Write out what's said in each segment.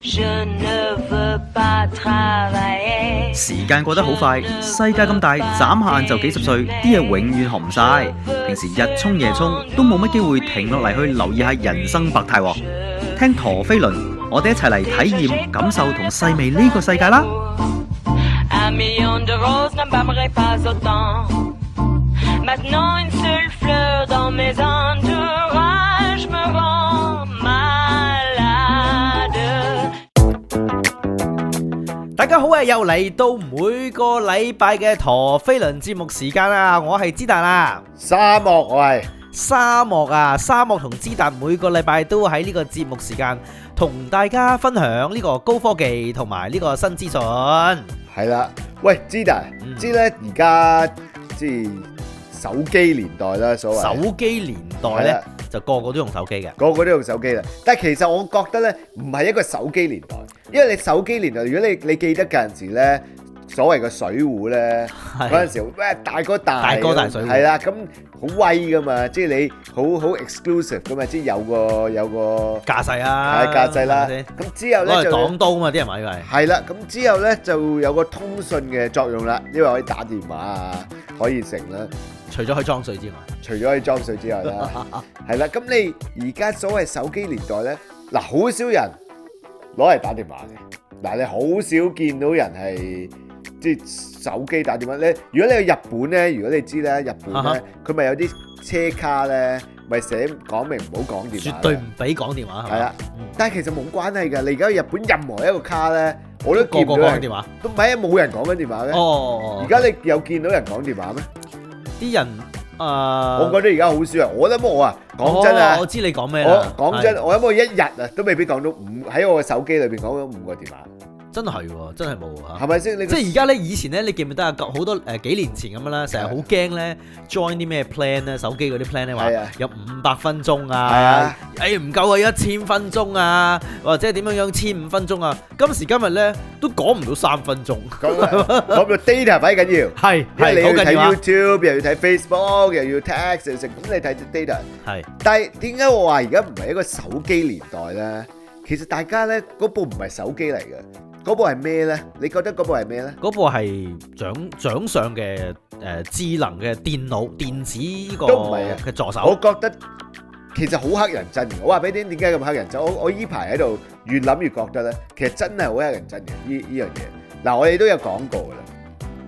時間過得好快，世界咁大，眨下眼就幾十歲，啲嘢永遠紅晒。平時日沖夜沖，都冇乜機會停落嚟去留意下人生百態。聽陀飛輪，我哋一齊嚟體驗、感受同細味呢個世界啦！大家好啊！又嚟到每個禮拜嘅陀飛輪節目時間啦，我係芝達啦。沙漠喂，沙漠啊，沙漠同芝達每個禮拜都喺呢個節目時間同大家分享呢個高科技同埋呢個新資訊。係啦，喂，芝達，唔知呢？嗯，而家即係手機年代啦，所謂手機年代咧。就個個都用手機嘅，個個都用手機啦。但係其實我覺得咧，唔係一個手機年代，因為你手機年代，如果你你記得嗰陣時咧，所謂嘅水壺咧，嗰陣是的 時喂大哥大，大哥大，大哥大水壺係啦，咁好威噶嘛，即係你好好 exclusive 咁啊，即係有個有個架勢材、啊、啦，係架勢啦。咁之後咧就港刀嘛，啲人話因為係啦，咁之後咧就有個通訊嘅作用啦，因為可以打電話啊，可以成啦。除咗可以裝水之外，除咗可以裝水之外啦，係啦。咁你而家所謂手機年代咧，嗱，好少人攞嚟打電話嘅。嗱，你好少見到人係即手機打電話咧。如果你去日本咧，如果你知咧，日本咧，佢咪有啲車卡咧，咪寫講明唔好講電話，絕對唔俾講電話。係啦，但係其實冇關係㗎。你而家去日本，任何一個卡咧，我都個個講緊電話，都唔係冇人講緊電話咧。哦，而家你有見到人講電話咩？啲人，誒、呃，我覺得而家好少啊！我諗我啊，講真啊，我知你講咩，我講真，係啊，我諗我一日啊，都未必講到五，喺我嘅手機裏邊講咗五個電話。真係喎，真係冇啊！係咪先？即係而家咧，以前咧，你記唔記得啊？好多誒幾年前咁樣啦，成日好驚咧，join 啲咩 plan 咧，手機嗰啲 plan 咧，話有五百分鐘啊，誒唔夠啊，一千分鐘啊，或者點樣樣千五分鐘啊，今時今日咧都講唔到三分鐘，講個 data 擺緊要，係係好緊要啊，又要睇 YouTube，又要睇 Facebook，又要 text，咁你睇啲 data 係，但係點解我話而家唔係一個手機年代咧？其實大家咧嗰部唔係手機嚟嘅。嗰部係咩咧？你覺得嗰部係咩咧？嗰部係掌掌上嘅誒智能嘅電腦電子依、這個都唔係嘅助手。我覺得其實好黑人憎嘅。我話俾你聽，點解咁黑人憎？我我依排喺度越諗越覺得咧，其實真係好黑人憎嘅呢依樣嘢。嗱，我哋都有講過㗎啦。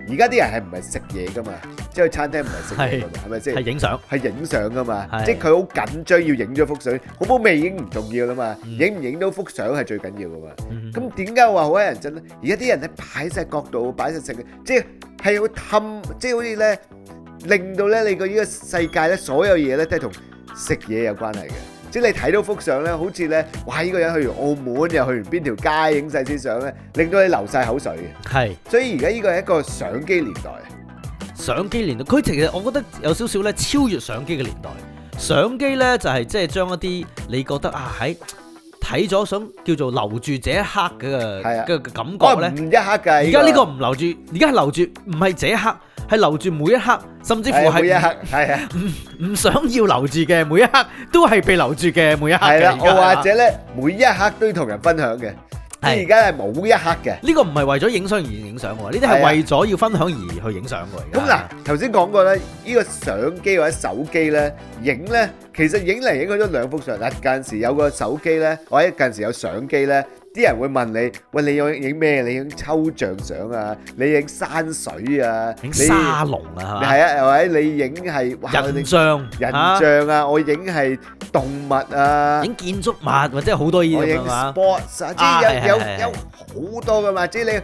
而家啲人係唔係食嘢噶嘛？即係餐廳唔係食嘢噶嘛？係咪先？係影相，係影相噶嘛？是即係佢好緊張要影咗幅、嗯、幅相，好冇味已經唔重要啦嘛，影唔影到幅相係最緊要噶嘛。咁點解話好乞人憎咧？而家啲人咧擺晒角度，擺晒食嘅，即係係要氹，即係好似咧令到咧你個呢個世界咧所有嘢咧都係同食嘢有關係嘅。即係你睇到幅相咧，好似咧，哇！呢、這個人去完澳門，又去完邊條街影晒啲相咧，令到你流晒口水嘅。係是，所以而家呢個係一個相機年代。相機年代，佢其實我覺得有少少咧超越相機嘅年代。相機咧就係即係將一啲你覺得啊喺。睇咗想叫做留住這一刻嘅嘅的感覺咧，而家呢個唔留住，而家係留住，唔係這一刻，係留住每一刻，甚至乎係每一刻，係啊，唔唔 想要留住嘅每一刻，都係被留住嘅每一刻，係啊的，或者咧每一刻都要同人分享嘅。你而家係冇一刻嘅，呢個唔係為咗影相而影相喎，呢啲係為咗要分享而去影相嘅。咁嗱，頭先講過咧，呢個相機或者手機咧，影咧，其實影嚟影去都兩幅相。嗱，近時有個手機咧，或者近時有相機咧。啲人會問你，喂，你影影咩？你影抽象相啊？你影山水啊？影沙龍啊？係啊，係咪？你影係人像、人像啊？我影係動物啊？影建築物，或者好多嘢啊嘛？影 sports，即係有有有好多噶嘛？即係你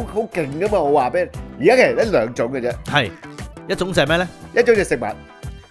好好勁噶嘛？我話俾你，而家其實得兩種嘅啫，係一種就係咩咧？一種就係食物。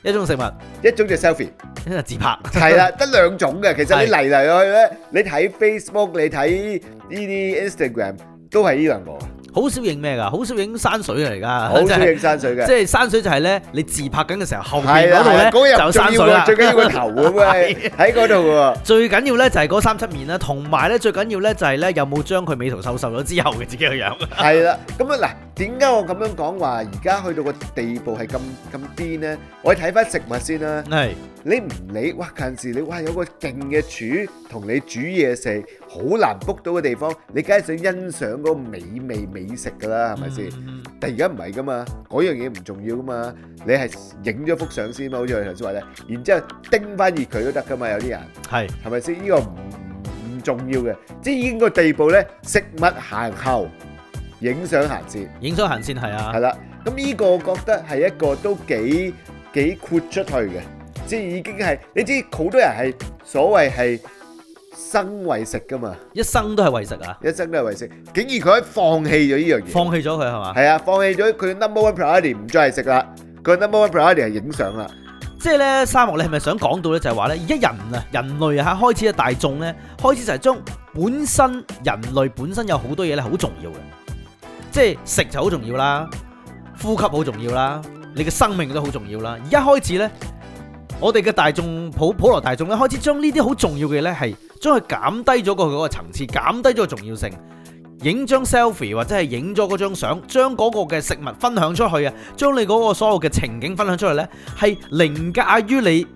一種食物，一種就 selfie，即係自拍，係啦，得兩種嘅。其實你嚟嚟去去，你睇 Facebook，你睇呢啲 Instagram，都係呢兩個。好少影咩噶？好少影山水啊，而家好少影山水嘅。即係山水就係咧，你自拍緊嘅時候後邊嗰度咧就山水啦。最緊要個頭咁啊，喺嗰度喎。最緊要咧就係嗰三七面啦，同埋咧最緊要咧就係咧有冇將佢美圖秀秀咗之後嘅自己個樣。係啦，咁啊嗱，點解我咁樣講話而家去到個地步係咁咁癲咧？我睇翻食物先啦。係的。你唔理哇，近時你哇有個勁嘅廚同你煮嘢食。好難 book 到嘅地方，你梗係想欣賞嗰美味美食噶啦，係咪先？但而家唔係噶嘛，嗰樣嘢唔重要噶嘛，你係影咗幅相先嘛，好似我頭先話咧，然之後叮翻熱佢都得噶嘛，有啲人係，係咪先？呢個唔唔重要嘅，即係已經個地步咧，食物行後，影相行先，影相行先係啊，係啦，咁呢個我覺得係一個都幾幾豁出去嘅，即係已經係你知，好多人係所謂係。.生為食噶嘛，一生都係為食啊，一生都係為食，竟然佢喺放棄咗呢樣嘢，放棄咗佢係嘛？係啊，放棄咗佢 number one priority 唔再係食啦，佢 number one priority 係影相啦。即係咧，沙漠你係咪想講到咧，就係話咧，而家人啊，人類啊，開始啊，大眾咧，開始就係將本身人類本身有好多嘢咧，好重要嘅，即係食就好重要啦，呼吸好重要啦，你嘅生命都好重要啦，而一開始咧。我哋嘅大眾普普羅大眾咧，開始將呢啲好重要嘅嘢咧，係將佢減低咗個嗰個層次，減低咗個重要性。影張 selfie 或者係影咗嗰張相，將嗰個嘅食物分享出去啊，將你嗰個所有嘅情景分享出去咧，係凌駕於你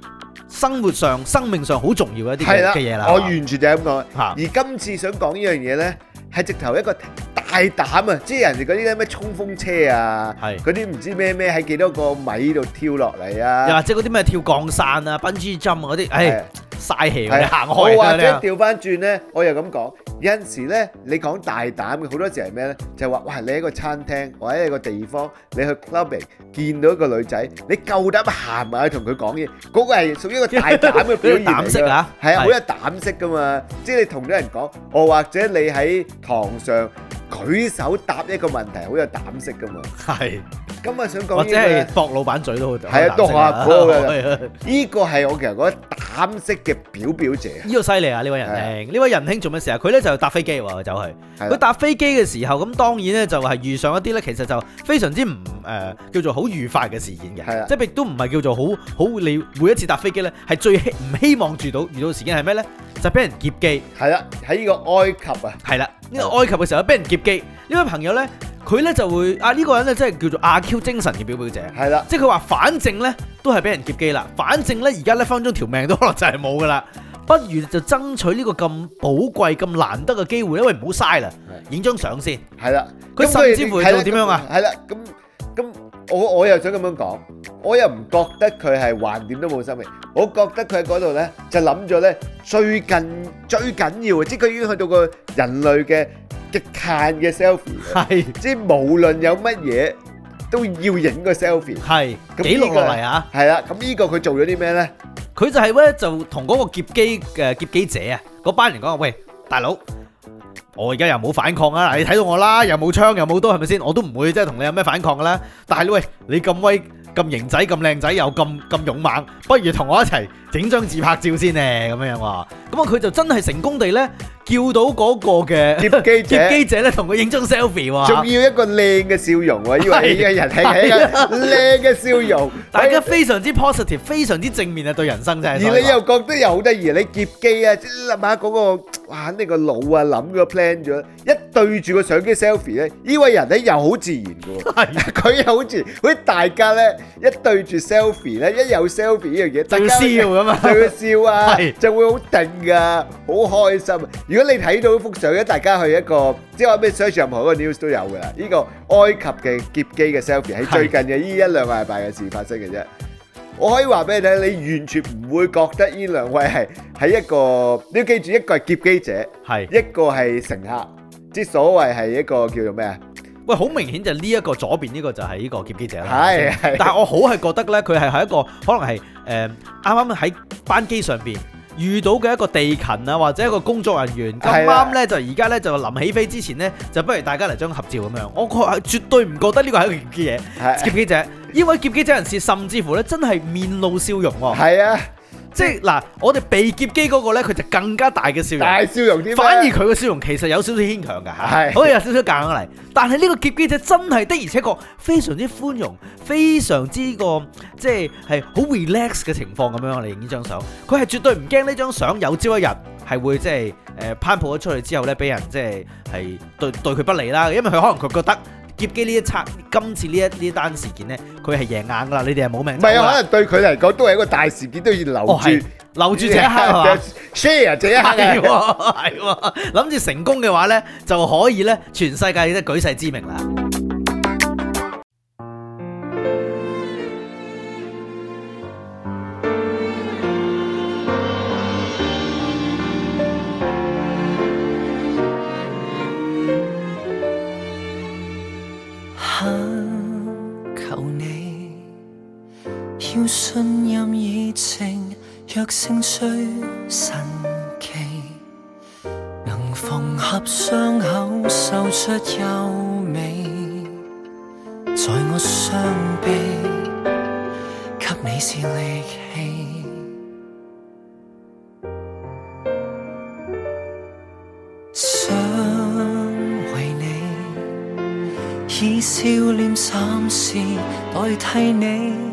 生活上、生命上好重要嘅一啲嘅嘢啦。我完全就係咁講。而今次想講呢樣嘢咧。喺直頭一個大膽啊！即係人哋嗰啲咩衝鋒車啊，嗰啲唔知咩咩喺幾多個米度跳落嚟啊！又或者嗰啲咩跳降傘啊、蹦珠針嗰啲，唉嘥氣，行開啦、啊！我話即調翻轉咧，我又咁講。有陣時咧，你講大膽嘅好多時係咩咧？就係、是、話，哇！你喺個餐廳，或者一個地方，你去 club 嚟見到一個女仔，你夠膽行埋去同佢講嘢，嗰、那個係屬於一個大膽嘅表現嚟㗎。係 啊，是是好有膽色㗎嘛！即係你同啲人講，哦，或者你喺堂上。舉手答一個問題，好有膽色噶嘛？係是，咁啊想講呢個，或者係駁老闆嘴都好，係啊，駁下我阿哥嘅。呢個係我其實覺得膽色嘅表表姐。呢個犀利啊！呢位仁兄，呢位仁兄做乜事啊？佢咧就搭飛機喎，走去佢搭飛機嘅時候，咁當然咧就係遇上一啲咧，其實就非常之唔誒，叫做好愉快嘅事件嘅。係啊的，即係亦都唔係叫做好好你每一次搭飛機咧，係最希唔希望住到遇到事件係咩咧？就俾人劫機。係啦，喺呢個埃及啊。係啦，呢個埃及嘅時候俾人劫。的機，呢位朋友呢，佢呢就會啊呢、呢個人呢真係叫做阿 Q 精神嘅表表者，係啦是的，即係佢話，反正呢都係俾人劫機啦，反正呢而家呢分分鐘條命都可能就係冇噶啦，不如就爭取呢個咁寶貴、咁難得嘅機會，因為唔好嘥啦，影張相先張，係啦的，佢甚至乎做點樣啊？係啦，咁咁。嗯我我又想咁樣講，我又唔覺得佢係橫掂都冇生命，我覺得佢喺嗰度咧就諗咗咧最近最緊要啊，即係佢已經去到個人類嘅極限嘅 selfie，係即係無論有乜嘢都要影個 selfie，係記錄落嚟嚇。係啦，咁呢個佢做咗啲咩咧？佢就係咧就同嗰個劫機嘅劫機者啊，嗰班人講話喂，大佬。我而家又冇反抗啊，你睇到我啦，又冇槍又冇刀，係咪先？我都唔會即係同你有咩反抗㗎啦。但係喂，你咁威咁型仔咁靚仔又咁咁勇猛，不如同我一齊。整張自拍照先咧，咁樣喎。咁啊，佢就真係成功地咧叫到嗰個嘅劫機劫機者咧，同佢影張 selfie 喎。仲要一個靚嘅笑容喎，呢位呢個人係個靚嘅笑容。對大家非常之 positive，非常之正面啊，對人生就係。而你又覺得又好得意，你劫機啊，即諗下嗰個哇，肯定個腦啊諗個 plan 咗。一對住個相機 selfie 咧，呢位人咧又好自然喎。佢又好自然，好似大家咧一對住 selfie 咧，一有 selfie 呢樣嘢，真係 就會笑啊，的就會好定噶，好開心。如果你睇到幅相咧，大家去一個，即係話咩 search 任何一個 news 都有㗎啦。呢、這個埃及嘅劫機嘅 selfie 喺最近嘅呢一兩個禮拜嘅事發生嘅啫。的我可以話俾你聽，你完全唔會覺得呢兩位係喺一個。你要記住，一個係劫機者，係的一個係乘客，即係所謂係一個叫做咩啊？喂，好明顯就呢一個左邊呢個就係呢個劫機者啦。係係。但係我好係覺得咧，佢係喺一個可能係誒啱啱喺班機上邊遇到嘅一個地勤啊，或者一個工作人員咁啱咧，就而家咧就臨起飛之前咧，就不如大家嚟張合照咁樣。我確係絕對唔覺得呢個係一個劫機者。係。劫機者，呢位劫機者人士甚至乎咧真係面露笑容。係啊。即係嗱，我哋被劫機嗰個咧，佢就更加大嘅笑容，大笑容啲。反而佢個笑容其實有少少牽強㗎嚇，可以的有少少夾硬嚟。但係呢個劫機者真係的 而且確非常之寬容，非常之個即係係好 relax 嘅情況，咁樣我哋影呢張相。佢係絕對唔驚呢張相有朝一日係會即係誒攀鋪咗出去之後咧，俾人即係係對對佢不利啦。因為佢可能佢覺得。劫機呢一策，今次呢一呢單事件咧，佢係贏硬㗎喇！你哋係冇命。唔係啊，可能對佢嚟講都係一個大事件，都要留住、哦、留住這一刻，share 這一刻喎，係喎， 諗住成功嘅話咧，就可以咧全世界都舉世知名啦。信任已情，若成最神奇，能縫合傷口，繡出優美，在我傷悲給你是力氣。想為你，以笑臉暫時代替你。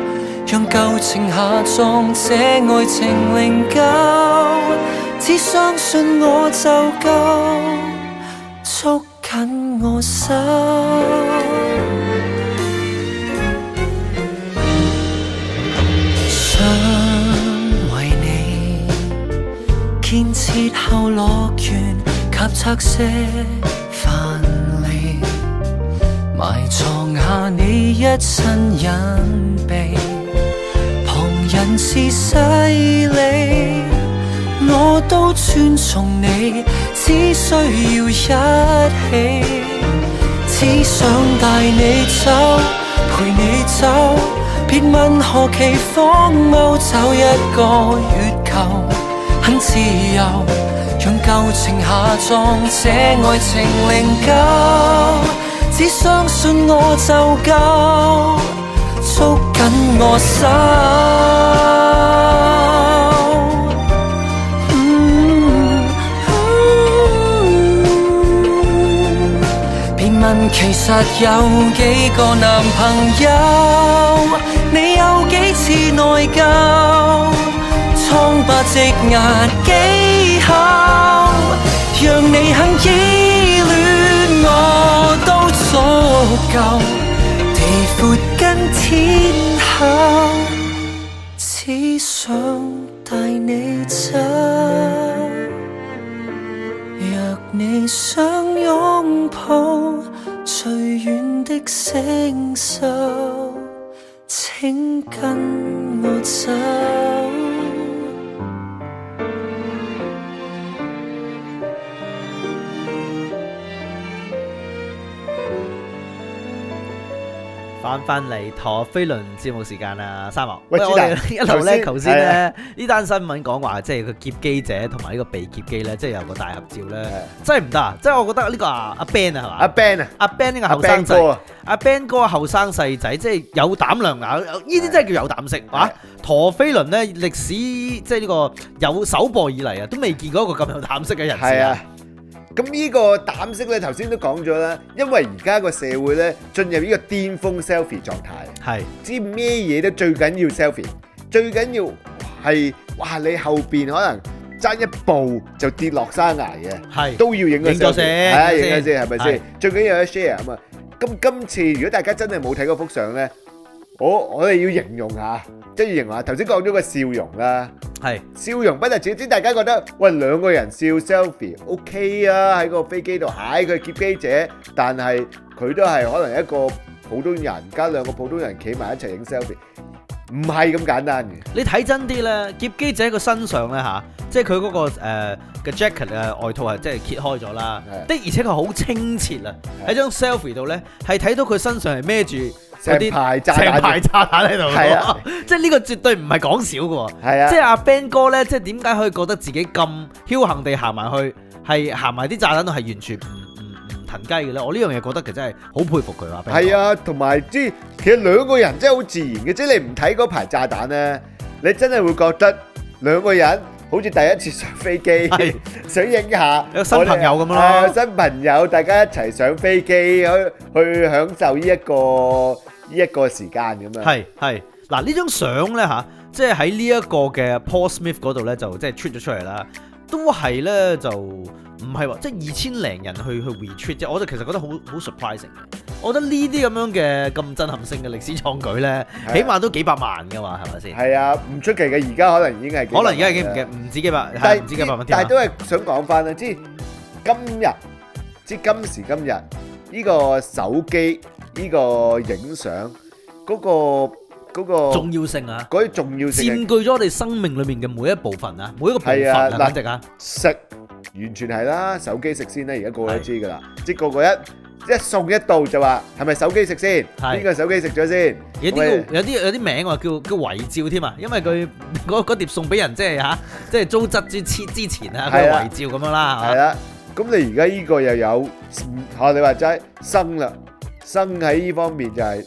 讓舊情下葬，這愛情靈柩，只相信我就夠，捉緊我手。 想為你建設後樂園及拆卸藩籬，埋藏下你一身隱秘。人是犀利，我都尊重你，只需要一起，只想帶你走，陪你走，別問何其荒謬，找一個月球，很自由，用舊情下葬，這愛情靈柩，只相信我就夠。捉緊我手，嗯，唔、嗯，別、嗯、問其實有幾個男朋友，你有幾次內疚，蒼白直牙幾口，讓你肯依戀我都足夠。地闊跟天厚，只想帶你走。若你想擁抱最遠的星宿，請跟我走。翻翻嚟陀飛輪節目時間啊，三毛。喂，喂他我哋一路咧，頭先咧呢單是的 新聞講話，即係佢劫機者同埋呢個被劫機咧，即、就、係、是、有個大合照咧，是的 真係唔得啊！即、就、係、是、我覺得呢個阿阿 Ben 啊，係嘛？阿 Ben 啊，阿 Ben 呢吧、啊、個後生仔，阿、啊、Ben 哥後生細仔，即係、啊就是、有膽量啊！呢啲真係叫有膽色，哇！陀飛輪咧歷史，即係呢個有首播以嚟啊，都未見過一個咁有膽色嘅人士。士。咁呢個膽色咧，頭先都講咗啦，因為而家個社會咧進入呢個巔峯 selfie 狀態，係是，知咩嘢都最緊要 selfie，最緊要係哇，你後邊可能爭一步就跌落山崖嘅，係是，都要影個 selfie 下，影咗先，係，影咗先，係咪先？是最緊要有 share 啊嘛，咁今次如果大家真係冇睇嗰幅相咧？我我哋要形容下，即係形容下，頭先講咗個笑容啦。係是笑容不得止，大家覺得喂，兩個人笑 selfie，OK、OK、啊，喺個飛機度，唉、哎，佢劫機者，但係佢都係可能一個普通人，加兩個普通人企埋一齊影 selfie，唔係咁簡單嘅。你睇真啲咧，劫機者個身上咧吓、啊，即係佢嗰個誒嘅、呃、jacket 嘅外套係即係揭開咗啦。的，的而且佢好清澈，啊，喺的張 selfie 度咧，係睇到佢身上係孭住。有啲排炸彈喺度，係啊，即係呢個絕對唔係講笑嘅，係是啊，即啊。即係阿 Ben 哥咧，即係點解可以覺得自己咁僥幸地行埋去，係行埋啲炸彈度，係完全唔唔唔騰雞嘅咧？我呢樣嘢覺得其實係好佩服佢話。係啊，同埋即係其實兩個人真係好自然嘅，即係你唔睇嗰排炸彈咧，你真係會覺得兩個人。好似第一次上飛機，是 想影一下有新朋友咁咯，有新朋友，大家一齊上飛機去去享受呢一個呢一個時間咁樣！係係，嗱呢張相咧吓，即係喺呢一個嘅 Paul Smith 嗰度咧就即係出咗出嚟啦。都係咧，就唔係話，即係二千零人去去 retreat 啫，我就其實覺得好好 surprising 嘅。我覺得呢啲咁樣嘅咁震撼性嘅歷史創舉咧，啊、起碼都幾百萬㗎嘛，係咪先？係啊，唔出奇嘅，而家可能已經係可能而家已經唔唔止幾百，係唔止幾百萬。但係都係想講翻啊，即係今日，即係今時今日，呢個手機，呢個影相，嗰個。嗰個重要性啊，嗰啲重要性佔據咗我哋生命裏面嘅每一部分啊，每一個部分啊，簡直啊，食完全係啦，手機食先啦，而家個個都知㗎啦，即個個一一送一到就話係咪手機食先？邊個手機食咗先？有啲有啲有啲名話叫叫遺照添啊，因為佢嗰嗰碟送俾人即係嚇，即係租執之之之前啊嘅遺照咁樣啦，係啊。咁你而家依個又有嚇你話齋生啦，生喺依方面就係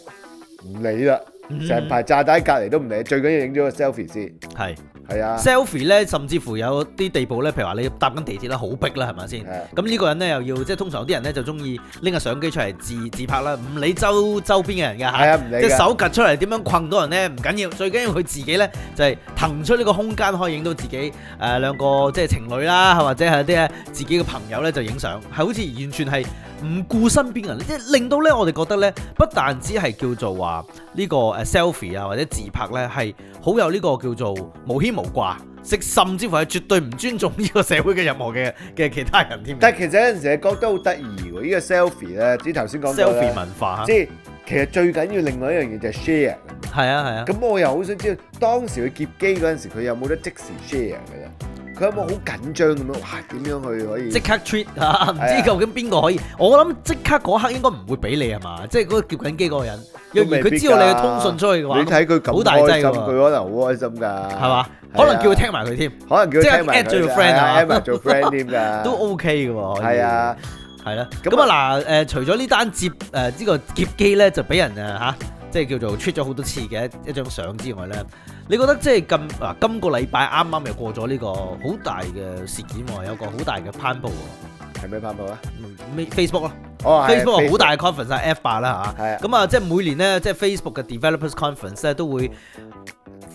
唔理啦。成、嗯、排炸彈隔離都唔理，最緊要影咗個 selfie 先。係係是啊，selfie 咧，甚至乎有啲地步咧，譬如話你搭緊地鐵啦，好逼啦，係咪先？咁呢個人咧又要即係通常有啲人咧就中意拎個相機出嚟自自拍啦，唔理周周邊嘅人㗎。係啊，唔理嘅。即係手夾出嚟點樣困到人咧？唔緊要，最緊要佢自己咧就係、是、騰出呢個空間可以影到自己誒、呃、兩個即係情侶啦，或者係一啲自己嘅朋友咧就影相，係好似完全係。唔顧身邊人，即係令到咧，我哋覺得咧，不但止係叫做話呢個誒 selfie 啊，或者自拍咧，係好有呢個叫做無牽無掛，甚至乎係絕對唔尊重呢個社會嘅任何嘅嘅其他人添。但係其實有陣時係覺得好得意喎，這個、呢個 selfie 咧，即係頭先講 selfie 文化，即係其實最緊要另外一樣嘢就係 share。係啊係啊，咁、啊、我又好想知道當時佢劫機嗰陣時，佢有冇得即時 share 嘅咧？佢有冇好緊張咁樣？哇！點樣去可以即刻 tweet 啊？唔知究竟邊個可以？我諗即刻嗰刻應該唔會俾你係嘛？即係嗰個劫緊機嗰個人，若然佢知道你嘅通訊出去嘅話，你睇佢好大劑咁。佢可能好開心㗎，係嘛？可能叫佢聽埋佢添，可能叫佢 add friend 啊，做 friend 添㗎，都 OK 嘅喎。係啊，係啦。咁啊嗱，誒除咗呢單劫，誒呢個劫機咧，就俾人啊嚇。即係叫做出咗好多次嘅一張相之外咧，你覺得即係今啊今個禮拜啱啱又過咗呢個好大嘅事件喎，有個好大嘅頒佈喎。係咩頒佈啊、嗯？Facebook 啊哦，Facebook 好 Facebook 大嘅 conference 係 F8 啦嚇。係啊。咁是啊、嗯，即係每年咧，即係 Facebook 嘅 Developers Conference 咧都會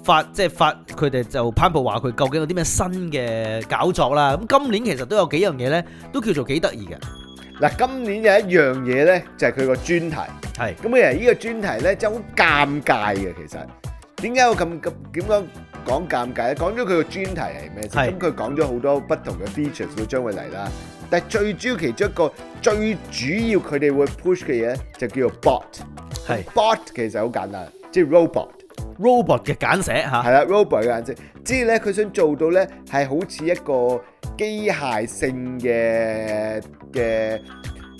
發即係發佢哋就頒佈話佢究竟有啲咩新嘅搞作啦。咁、嗯、今年其實都有幾樣嘢咧，都叫做幾得意嘅。嗱、啊，今年有一樣嘢咧，就係佢個專題。係咁啊！而依是個專題咧，真係好尷尬嘅。其實點解我咁咁點講講尷尬咧？講咗佢個專題係咩先？咁佢講咗好多不同嘅 features 都將會嚟啦。但係最主要其中一個最主要佢哋會 push 嘅嘢就叫做 bot 是。係 bot 其實好簡單，即係 Rob robot、啊。robot 嘅簡寫嚇。係、啊、啦，robot 嘅簡寫，即係咧佢想做到咧係好似一個機械性嘅嘅。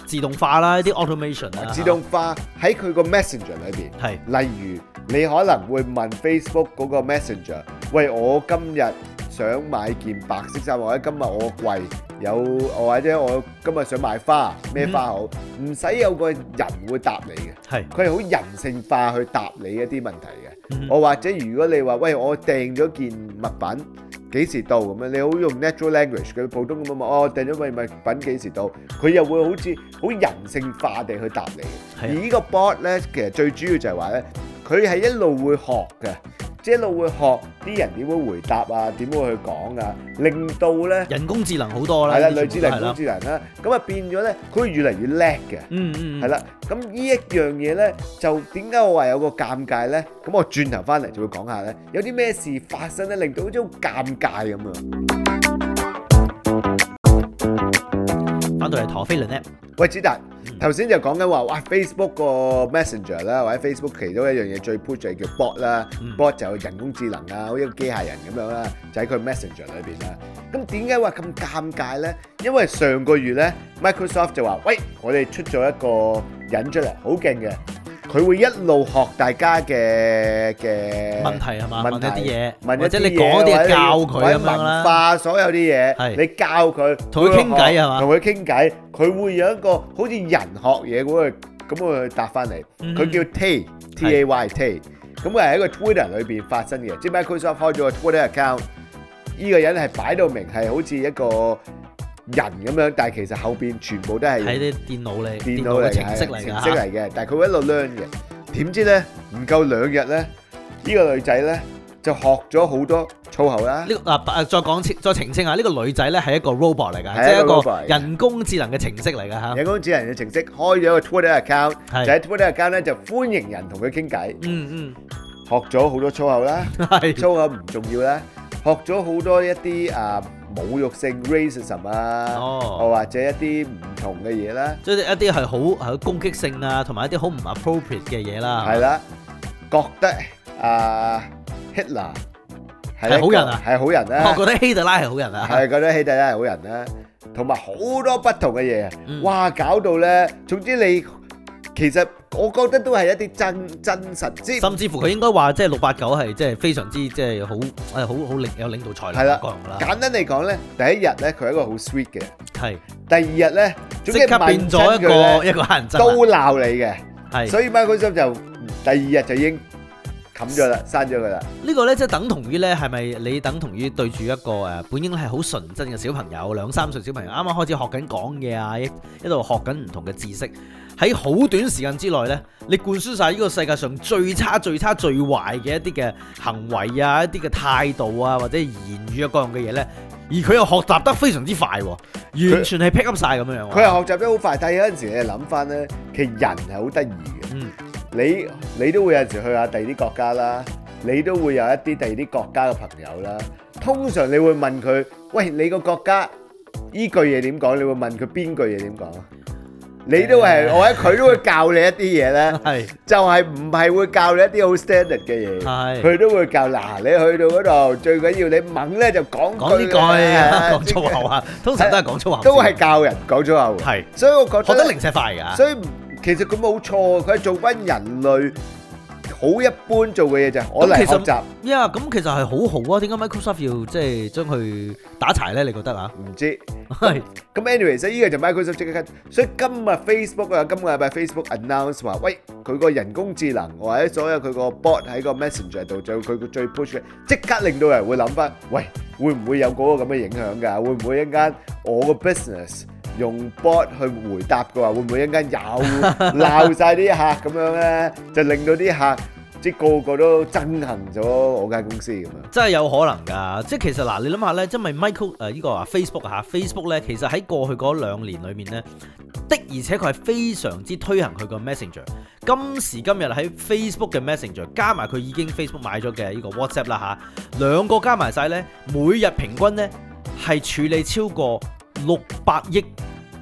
自動化啦，啲 automation 啊，自動化喺佢個 messenger 是裏便係，例如你可能會問 Facebook 個 messenger，喂，我今日想買件白色衫，或者今日我櫃有，或者我今日想買花，咩花好？唔使、嗯、有個人會答你嘅，係是，佢係好人性化去答你一啲問題嘅。我、嗯、或者如果你話喂，我訂咗件物品幾時到咁樣，你好用 natural language 嘅普通咁樣問，哦，我訂咗件物品幾時到，佢又會好似好人性化地去答你。的而呢個 board 呢個 bot 咧，其實最主要就係話咧，佢係一路會學嘅。即一路會學啲人點樣回答啊，點樣去講啊，令到咧人工智能好多啦，係啦的，類似人工智能啦、啊，咁啊變咗咧，佢會越嚟越叻嘅，嗯，嗯嗯，係啦，咁呢一樣嘢咧，就點解我話有個尷尬咧？咁我轉頭翻嚟就會講下咧，有啲咩事發生咧，令到好似好尷尬咁啊！反對係陀飛輪咧。喂，子達，頭先、嗯、就講緊話，哇，Facebook 個 Messenger 啦，或者 Facebook 其中一樣嘢，最 push 就係叫 bot 啦、嗯、bot 就有人工智能啊，好似個機械人咁樣啦，就喺佢 Messenger 裏邊啦。咁點解話咁尷尬咧？因為上個月咧，Microsoft 就話，喂，我哋出咗一個引出嚟，好勁嘅。佢會一路學大家嘅嘅問題係嘛？問題或者一啲嘢，即係你啲嘢教佢啊文化所有啲嘢，是你教佢，同佢傾偈係嘛？同佢傾偈，佢嗎會有一個好似人學嘢咁啊，咁佢去答翻嚟。佢、嗯、叫 Tay T, ay, 是 T A Y Tay，咁佢係一個 Twitter 裏邊發生嘅。即係 Microsoft 開咗個 Twitter account，呢個人係擺到明係好似一個。人咁樣，但係其實後邊全部都係睇啲電腦嚟，電腦嚟嘅程式嚟嘅，但係佢會一路 learn 嘅。點知咧，唔夠兩日咧，呢個女仔咧就學咗好多粗口啦。呢嗱，誒，再講再澄清下，呢個女仔咧係一個 robot 嚟㗎，即係一個人工智能嘅程式嚟㗎嚇。人工智能嘅程式開咗一個 Twitter account，就喺 Twitter account 咧就歡迎人同佢傾偈。嗯嗯，學咗好多粗口啦，係粗口唔重要啦，學咗好多一啲啊。侮辱性 racism 啊，哦、或者一啲唔同嘅嘢啦，即係一啲係好係攻擊性啊，同埋一啲好唔 oh. uh, appropriate 其實我覺得都係一啲真真實之，甚至乎佢應該話即係六八九係即係非常之即係好誒好好領有領導才能嘅啦。簡單嚟講咧，第一日咧佢係一個好 sweet 嘅，係的，第二日咧即刻變咗一個呢一個黑人憎，都鬧你嘅，係的，所以咪嗰陣就第二日就已經冚咗啦，刪咗佢啦。個呢個咧即係等同於咧，係咪你等同於對住一個誒本應係好純真嘅小朋友，兩三歲小朋友啱啱開始學緊講嘢啊，一一路學緊唔同嘅知識。喺好短時間之內咧，你灌輸晒呢個世界上最差、最差、最壞嘅一啲嘅行為啊，一啲嘅態度啊，或者言語啊各樣嘅嘢咧，而佢又學習得非常之快，他完全係 pick up 晒咁樣佢又學習得好快，但係有陣時你諗翻咧，其實人係好得意嘅。嗯，你你都會有陣時去下第二啲國家啦，你都會有一啲第二啲國家嘅朋友啦。通常你會問佢，喂，你個國家依句嘢點講？你會問佢邊句嘢點講啊？你都係我喺佢都會教你一啲嘢咧，就係唔係會教你一啲好 standard 嘅嘢，佢都會教。嗱，你去到嗰度最緊要你猛咧就講句，講粗口啊，通常都係講粗口，都係教人講粗口。係，所以我覺得覺得零舍快㗎。所以其實佢冇錯，佢係做翻人類好一般做嘅嘢就係我嚟學習。呀，咁其實係好好啊，點解 Microsoft 要即係將佢打柴咧？你覺得啊？唔知。係，咁 anyways，所以依個就 Microsoft。所以今日 Facebook 啊，今個禮拜 Facebook announce 話，喂，佢個人工智能，或者所有佢個 bot 喺個 Messenger 度，最佢個最 push 嘅，即刻令到人會諗翻，喂，會唔會有嗰個咁嘅影響㗎？會唔會一間我個 business 用 bot 去回答嘅話，會唔會一間有鬧曬啲客咁樣咧？就令到啲客。即個個都憎恨咗我間公司咁樣！真係有可能㗎，即其實嗱，你諗下咧，即咪 Michael 誒、呃、呢、呢個啊 Facebook 啊 Facebook 咧、啊、其實喺過去嗰兩年裏面咧的，而且佢係非常之推行佢個 Messenger。今時今日喺 Facebook 嘅 Messenger 加埋佢已經 Facebook 買咗嘅呢個 WhatsApp 啦、啊、嚇，兩個加埋晒咧，每日平均咧係處理超過六百億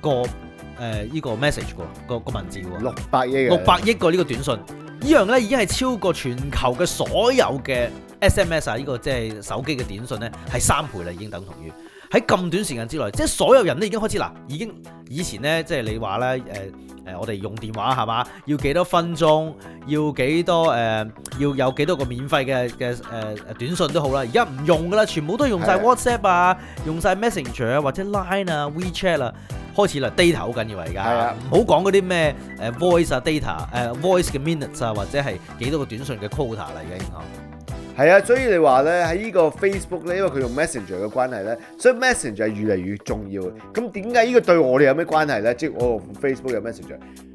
個誒呢、呃呢個 message 個個文字喎，六百億六百億個呢個短信。依樣咧已經係超過全球嘅所有嘅 SMS 啊！依、這個即係手機嘅短信咧，係三倍啦，已經等同於喺咁短時間之內，即係所有人都已經開始嗱，已經以前呢，即係你話呢，誒、呃、誒，我、呃、哋、呃呃呃、用電話係嘛，要幾多分鐘，要幾多誒、呃，要有幾多個免費嘅嘅誒短信都好啦，而家唔用噶啦，全部都用晒 WhatsApp 啊，是的 用晒 Messenger 啊，或者 Line 啊，WeChat 啦。We 開始喇 data 好緊要而家，唔好講嗰啲咩誒 voice 啊 data，誒、uh, voice 嘅 minutes 啊，或者係幾多個短信嘅 quota 嚟嘅應該。係啊，所以你話咧喺呢個 Facebook 咧，因為佢用 Messenger 嘅關係咧，所以 Messenger 係越嚟越重要嘅。咁點解呢個對我哋有咩關係咧？即、就、係、是、我 Facebook 有 Messenger。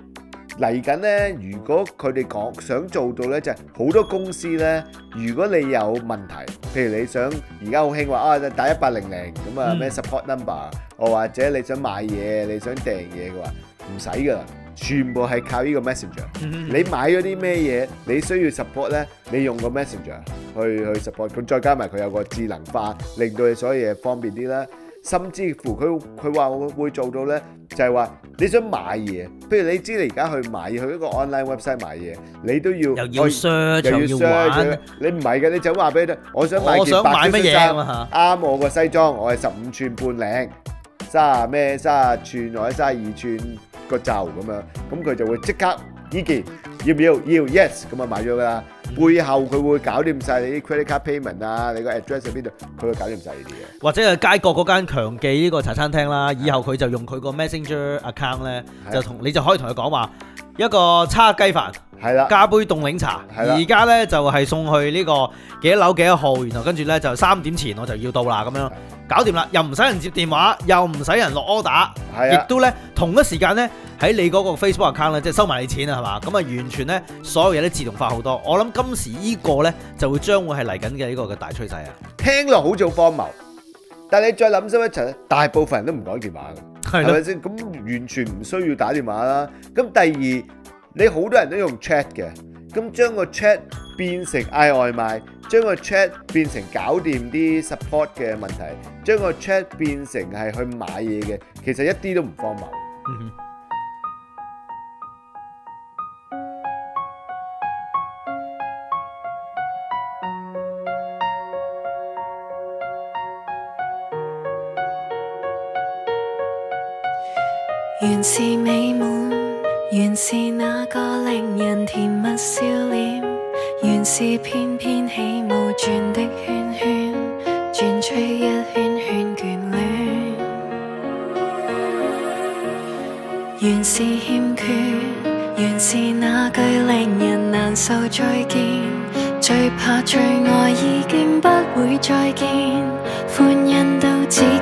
嚟緊咧，如果佢哋講想做到咧，就係、是、好多公司咧。如果你有問題，譬如你想而家好興話啊打一八零零咁啊咩 support number，又或者你想買嘢、你想訂嘢嘅話，唔使噶啦，全部係靠呢個 mes、mm hmm. senger。你買咗啲咩嘢？你需要 support 咧，你用個 messenger 去去 support。咁再加埋佢有個智能化，令到你所有嘢方便啲啦。甚至乎佢佢話我會做到咧，就係話你想買嘢，譬如你知你而家去買去一個 online website 買嘢，你都要又要 search 又要 search，玩你唔係嘅，你就咁話俾佢聽，我想買，我想買件白色嘅衫。啊」啱我個西裝，我係十五寸半領，卅咩卅寸或者卅二寸個袖咁樣，咁佢就會即刻。呢件要唔要？要 Yes 咁啊，買咗噶啦。背後佢會搞掂晒你啲 credit card payment 啊，你個 address 喺邊度，佢會搞掂晒呢啲嘢。或者係街角嗰間強記呢個茶餐廳啦，以後佢就用佢個 Messenger account 咧的，就同，你就可以同佢講話。一個叉雞飯，係啦的，加杯凍檸茶。而家咧就係送去呢個幾多樓幾多號，然後跟住咧就三點前我就要到啦，咁樣搞掂啦，又唔使人接電話，又唔使人落 order，的亦都咧同一時間咧喺你嗰個 Facebook account 咧即係收埋你錢啊，係嘛？咁啊完全咧所有嘢都自動化好多。我諗今時呢個咧就會將會係嚟緊嘅呢個嘅大趨勢啊。聽落好似荒謬，但係你再諗深一層，大部分人都唔講電話。係咪先？咁完全唔需要打電話啦。咁第二，你好多人都用 chat 嘅，咁將個 chat 變成嗌外賣，將個 chat 變成搞掂啲 support 嘅問題，將個 chat 變成係去買嘢嘅，其實一啲都唔荒謬。原是美滿，原是那個令人甜蜜笑臉，原是翩翩起舞轉的圈圈，轉出一圈圈眷戀。原是欠缺，原是那句令人難受再見，最怕最愛已經不會再見，歡欣都只。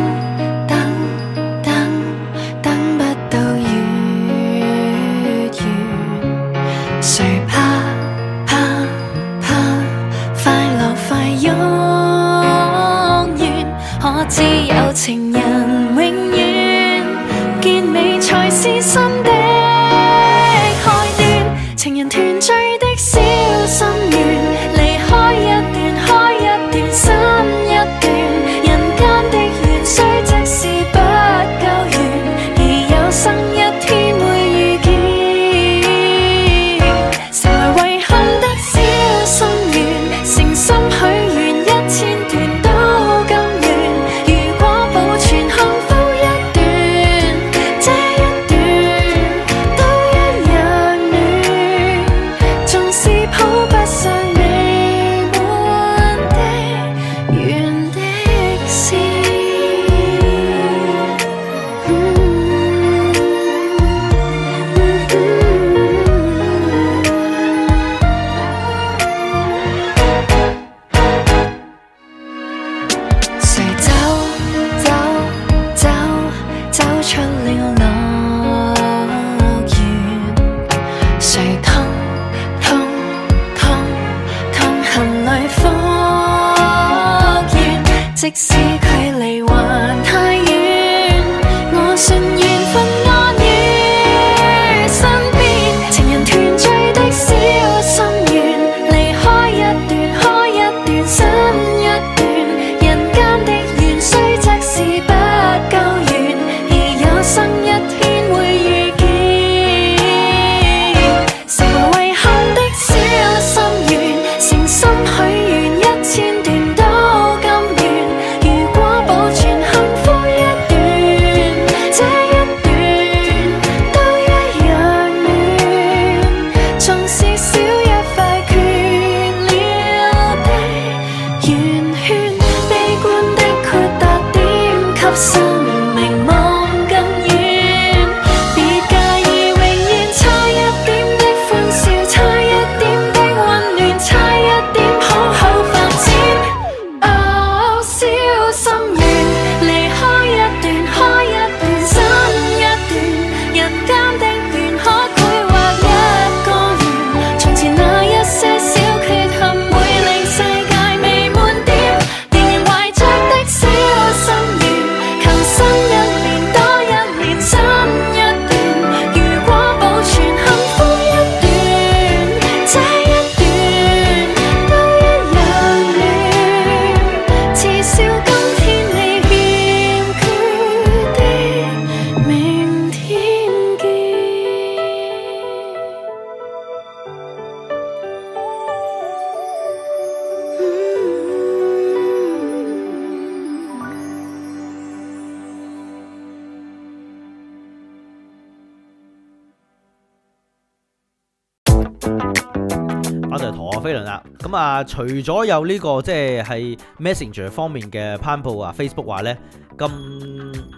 除咗有呢個即係 Messenger 方面嘅攀布啊，Facebook 話呢咁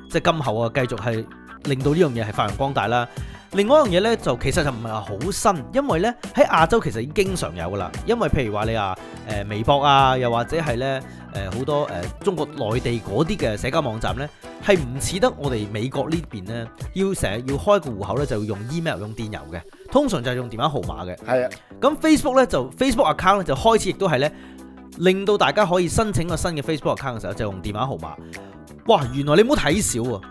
即係今後啊繼續係令到呢樣嘢係發揚光大啦。另外一樣嘢呢，就其實就唔係話好新，因為呢喺亞洲其實已經經常有㗎喇。因為譬如話你話誒微博啊，又或者係呢誒好多誒中國內地嗰啲嘅社交網站呢，係唔似得我哋美國呢邊呢要成日要開個戶口呢，就要用 email 用電郵嘅，通常就係用電話號碼嘅。係啊。咁 Facebook 咧就 Facebook account 咧就開始亦都係咧，令到大家可以申請個新嘅 Facebook account 嘅時候就用電話號碼。哇！原來你冇睇少啊，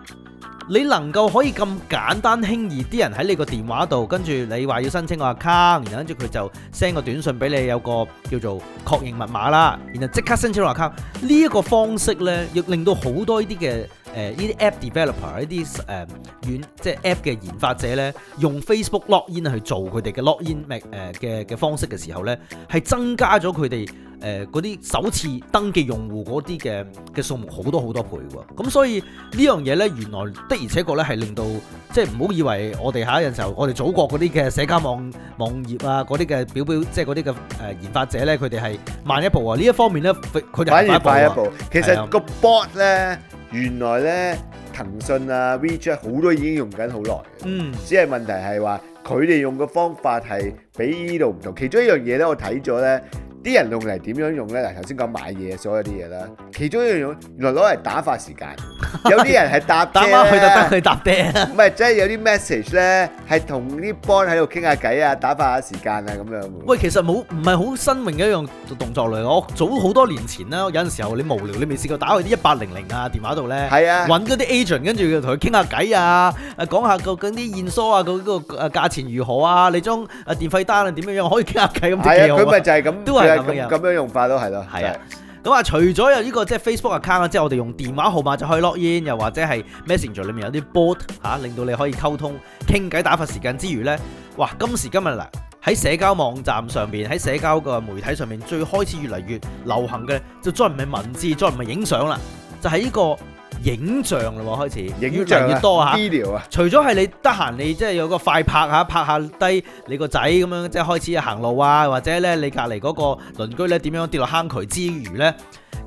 你能夠可以咁簡單輕易啲人喺你個電話度，跟住你話要申請個 account，然後跟住佢就 send 個短信俾你，有個叫做確認密碼啦，然後即刻申請個 account。呢一個方式咧，亦令到好多啲嘅。誒呢啲 app developer 呢啲誒軟即係 app 嘅研發者咧，用 Facebook login 去做佢哋嘅 login 誒嘅嘅方式嘅時候咧，係增加咗佢哋誒嗰啲首次登記用戶嗰啲嘅嘅數目好多好多倍喎。咁所以呢樣嘢咧，原來的而且確咧係令到即係唔好以為我哋下一陣時候，我哋祖國嗰啲嘅社交網網頁啊，嗰啲嘅表表即係嗰啲嘅誒研發者咧，佢哋係慢一步啊。呢一方面咧，佢哋快一步，反而慢一步，uh, 其實個 bot 咧。原來咧，騰訊啊、WeChat 好多已經用緊好耐嘅，嗯，只係問題係話佢哋用嘅方法係比呢度唔同，其中一樣嘢咧，我睇咗咧。啲人用嚟點樣用咧？嗱，頭先講買嘢，所有啲嘢啦，其中一樣用，原來攞嚟打發時間。有啲人係搭車 去到得去搭爹，唔 係即係有啲 message 咧，係同啲 boy 喺度傾下偈啊，打發下時間啊咁樣有有。喂，其實冇唔係好新穎嘅一樣動作嚟，我早好多年前啦，有陣時候你無聊，你未試過打去啲一八零零啊電話度咧，揾嗰啲 agent，跟住要同佢傾下偈啊。講下究竟啲現數啊，究竟個誒價錢如何啊？你將誒電費單啊點樣樣可以傾下偈咁嘅？係啊，佢咪就係咁，都係咁樣，樣用法都係咯，係啊。咁啊，除咗有呢、這個、就是、account，即係 Facebook account 啊，即係我哋用電話號碼就可以 login，又或者係 Messenger 裏面有啲 bot 吓，令到你可以溝通、傾偈、打發時間之餘呢。哇！今時今日啦，喺社交網站上面、喺社交個媒體上面，最開始越嚟越流行嘅就再唔係文字，再唔係影相啦，就係、是、呢、這個。影像啦，開始。影像越，越多嚇，醫療啊。除咗係你得閒，你即係有個快拍嚇，拍下低你個仔咁樣，即係開始行路啊，或者呢你隔離嗰個鄰居呢點樣跌落坑渠之餘呢，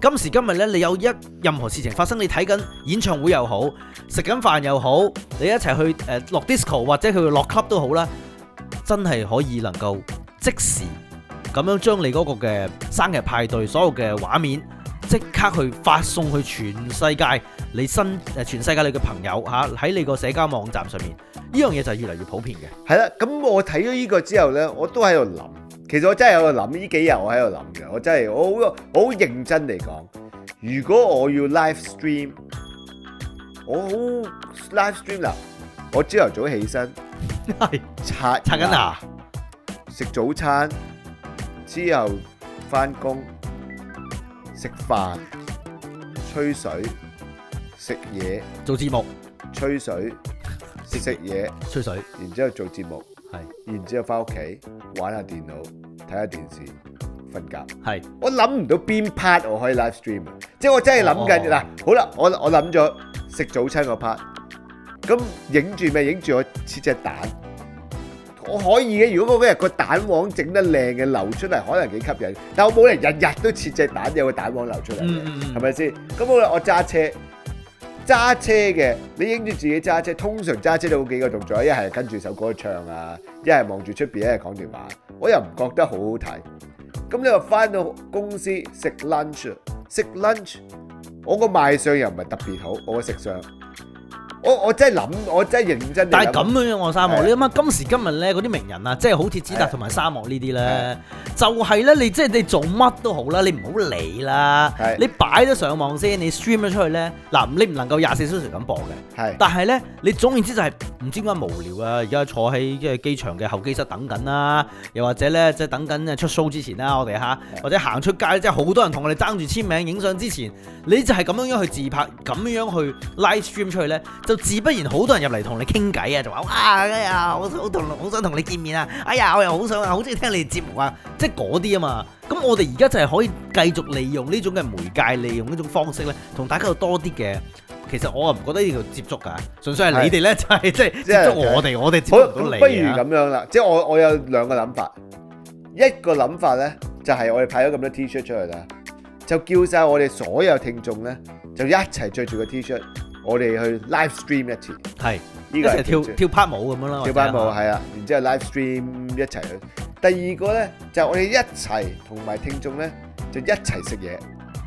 今時今日呢，你有一任何事情發生，你睇緊演唱會又好，食緊飯又好，你一齊去誒落、呃、disco 或者去落 club 都好啦，真係可以能夠即時咁樣將你嗰個嘅生日派對所有嘅畫面。即刻去發送去全世界，你新誒全世界你嘅朋友嚇，喺你個社交網站上面，呢樣嘢就係越嚟越普遍嘅。係啦，咁我睇咗呢個之後咧，我都喺度諗，其實我真係喺度諗，呢幾日我喺度諗嘅，我真係我好好認真嚟講，如果我要 live stream，我好 live stream 啦，我朝頭早起身，刷刷緊牙，食下下早餐之後翻工。食飯，吹水，食嘢，做節目，吹水，食食嘢，吹水，然之後做節目，係，然之後翻屋企玩下電腦，睇下電視，瞓覺，係。我諗唔到邊 part 我可以 live stream 啊，即係我真係諗緊嗱，好啦，我我諗咗食早餐個 part，咁影住咩？影住我切隻蛋。我可以嘅，如果嗰咩個蛋黃整得靚嘅流出嚟，可能幾吸引。但我冇人日日都切隻蛋有個蛋黃流出嚟，係咪先？咁、hmm. 我我揸車揸車嘅，你影住自己揸車，通常揸車都好幾個動作，一係跟住首歌唱啊，一係望住出邊，一係講電話。我又唔覺得好好睇。咁你又翻到公司食 lunch 食 lunch，我個賣相又唔係特別好，我個食相。我我真係諗，我真係認真。但係咁樣樣，我沙漠，是的 你諗下今時今日咧，嗰啲名人啊，即係好似子達同埋沙漠呢啲咧是的，就係、是、咧，你即係是的 你做乜都好啦，你唔好理啦。你擺咗上網先，你 stream 咗出去咧，嗱，你唔能夠廿四小時咁播嘅。是的 但係咧，你總然之就係唔知點解無聊啊！而家坐喺即係機場嘅候機室等緊啦，又或者咧即係等緊出 show 之前啦，我哋嚇，是的 或者行出街即係好多人同我哋爭住簽名影相之前，你就係咁樣樣去自拍，咁樣去 live stream 出去咧，就自不然，好多人入嚟同你傾偈啊，就話哇，哎呀，我想同好想同你見面啊，哎呀，我又好想好中意聽你哋節目啊，即係嗰啲啊嘛。咁我哋而家就係可以繼續利用呢種嘅媒介，利用呢種方式咧，同大家有多啲嘅。其實我又唔覺得呢條接觸噶，純粹係你哋咧就係即係接觸我哋，我哋接觸唔到你。不如咁樣啦，即係我我有兩個諗法，一個諗法咧就係我哋派咗咁多 T 恤出嚟啦，就叫晒我哋所有聽眾咧就一齊着住個 T 恤。Shirt 我哋去 live stream 一次，係呢個係跳跳趴舞咁樣咯，跳趴舞係啊，然之後 live stream 一齊去。第二個咧，就我哋一齊同埋聽眾咧，就一齊食嘢，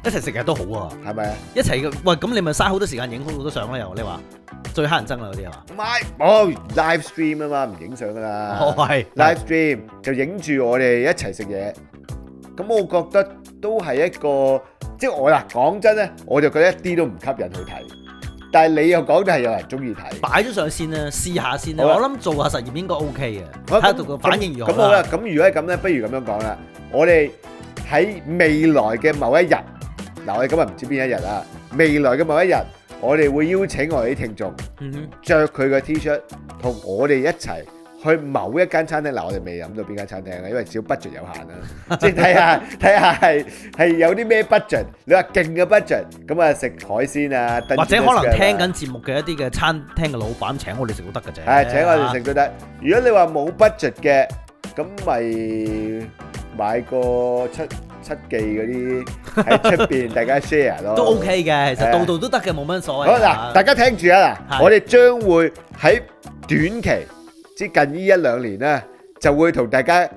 一齊食嘢都好啊，係咪啊？一齊喂，咁你咪嘥好多時間影好多相咯又，你話最乞人憎啊嗰啲係嘛？唔係，冇 live stream 啊嘛，唔影相噶啦，係 live stream 就影住我哋一齊食嘢。咁我覺得都係一個，即係我啦，講真咧，我就覺得一啲都唔吸引好睇。但係你又講就係有人中意睇，擺咗上線啦，試下先啦。吧我諗做下實驗應該 OK 嘅，我睇下個反應如何。咁好啦，咁如果係咁咧，不如咁樣講啦。我哋喺未來嘅某一日，嗱我哋今日唔知邊一日啊，未來嘅某一日，我哋會邀請我哋啲聽眾，着佢嘅 T-shirt 同我哋一齊。去某一間餐廳，嗱我哋未諗到邊間餐廳咧，因為小 budget 有限啊，即係睇下睇下係係有啲咩 budget，你話勁嘅 budget，咁啊食海鮮啊，或者可能聽緊節目嘅一啲嘅餐廳嘅老闆請我哋食都得㗎啫，係請我哋食都得。如果你話冇 budget 嘅，咁咪買個七七記嗰啲喺出邊大家 share 咯，都 OK 嘅，其實度度都得嘅，冇乜所謂。好，嗱，大家聽住啊嗱，我哋將會喺短期。知近呢一兩年呢，就會同大家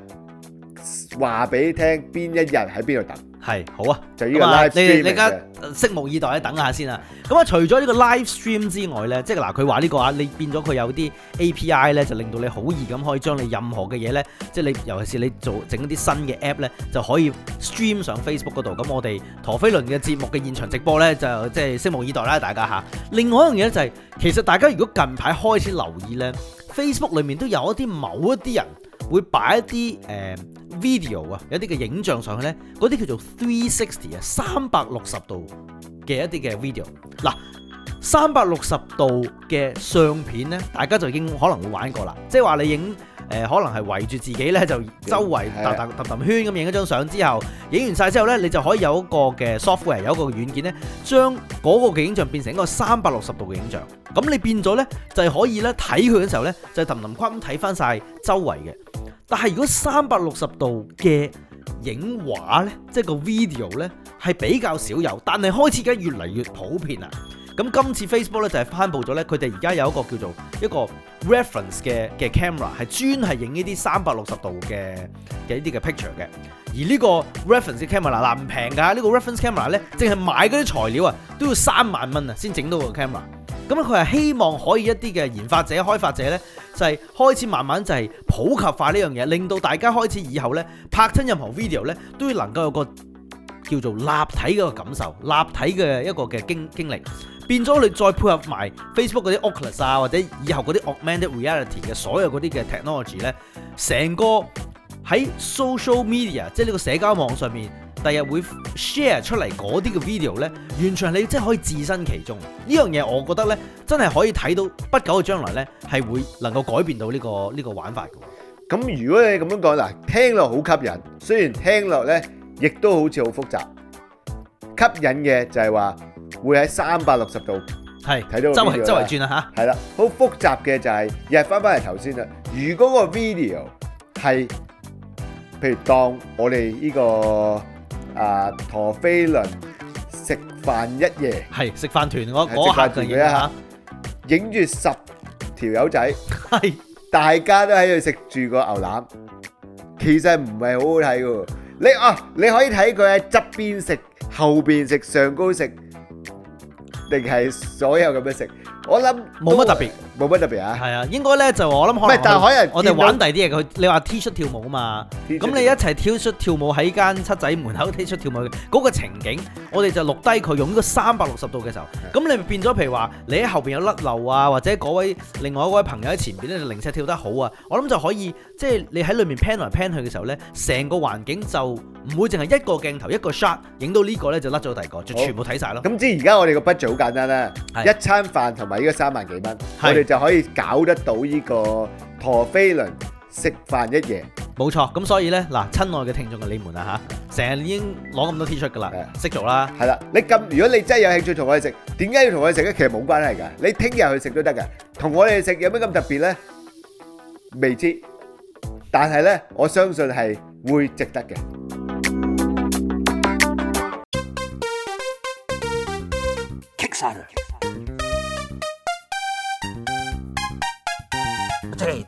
話俾你聽邊一日喺邊度等。係好啊，就呢個 live stream 嚟嘅、啊、你你而家拭目以待啊，等下先啊。咁啊，除咗呢個 live stream 之外呢，即係嗱，佢話呢個啊，你變咗佢有啲 API 呢，就，是這個、就令到你好易咁可以將你任何嘅嘢呢，即、就、係、是、你尤其是你做整啲新嘅 app 呢，就可以 stream 上 Facebook 度。咁我哋陀飛輪嘅節目嘅現場直播呢，就即係拭目以待啦，大家吓。另外一樣嘢就係、是，其實大家如果近排開始留意呢。Facebook 裏面都有一啲某一啲人會擺一啲誒、呃、video 啊，有啲嘅影像上去呢。嗰啲叫做 three sixty 啊，三百六十度嘅一啲嘅 video。嗱，三百六十度嘅相片呢，大家就已經可能會玩過啦，即係話你影。誒，可能係圍住自己咧，就周圍的踏踏，踏圈咁影咗張相之後，影完晒之後呢，你就可以有一個嘅 software，有一個軟件呢，將嗰個嘅影像變成一個三百六十度嘅影像。咁你變咗呢，就係、是、可以呢，睇佢嘅時候踏踏踏踏踏、就是、呢，就氹氹圈咁睇翻晒周圍嘅。但係如果三百六十度嘅影畫呢，即係個 video 呢，係比較少有，但係開始而家越嚟越普遍啊。咁今次 Facebook 呢，就係、是、頒佈咗呢，佢哋而家有一個叫做一個。Reference 嘅嘅 camera 係專係影、這個、呢啲三百六十度嘅嘅一啲嘅 picture 嘅，而呢個 reference camera 嗱唔平㗎，呢個 reference camera 咧，淨係買嗰啲材料啊都要三萬蚊啊先整到個 camera。咁佢係希望可以一啲嘅研發者、開發者咧，就係開始慢慢就係普及化呢樣嘢，令到大家開始以後咧拍親任何 video 咧，都要能夠有個叫做立體嘅感受、立體嘅一個嘅經經歷。變咗你再配合埋 Facebook 嗰啲 Oculus 啊，或者以後嗰啲 Augmented Reality 嘅所有嗰啲嘅 technology 咧，成個喺 Social Media，即係呢個社交網上面，第日會 share 出嚟嗰啲嘅 video 咧，完全你即係可以置身其中。呢樣嘢我覺得咧，真係可以睇到不久嘅將來咧，係會能夠改變到呢個呢個玩法。咁如果你咁樣講嗱，聽落好吸引，雖然聽落咧亦都好似好複雜，吸引嘅就係話。會喺三百六十度係睇是到周圍，吧周圍轉啦吓，係啦吧，好複雜嘅就係又翻翻嚟頭先啦。如果個 video 係譬如當我哋呢、這個啊、呃、陀飛輪食飯一夜係食飯團，我講食飯團嘅一下，影住十條友仔係大家都喺度食住個牛腩，其實唔係好好睇嘅。你哦、啊，你可以睇佢喺側邊食、後邊食、上高食。定係所有咁樣食，我諗冇乜特別。冇乜特別啊，係啊， 應該咧就我諗，可能但可能，我哋玩第啲嘢佢，你話 T 恤跳舞啊嘛，咁你一齊 T 恤跳舞喺間七仔門口 T 恤跳舞嗰、那個情景，我哋就錄低佢用呢個三百六十度嘅時候，咁是的 你變咗譬如話你喺後邊有甩漏啊，或者嗰位另外一位朋友喺前邊咧零舍跳得好啊，我諗就可以即係、就是、你喺裏面 pan 嚟 pan 去嘅時候咧，成個環境就唔會淨係一個鏡頭一個 shot 影到呢個咧就甩咗第二個，好 就全部睇晒咯。咁即係而家我哋個 budget 好簡單啦，的的一餐飯同埋呢個三萬幾蚊，的的就可以搞得到呢個陀飛輪食飯一夜，冇錯。咁所以咧，嗱，親愛嘅聽眾嘅你們啊嚇，成日已經攞咁多 T 恤㗎啦，識做啦，係啦。你咁，如果你真係有興趣同我哋食，點解要同我哋食咧？其實冇關係㗎，你聽日去食都得㗎。同我哋食有咩咁特別咧？未知，但係咧，我相信係會值得嘅。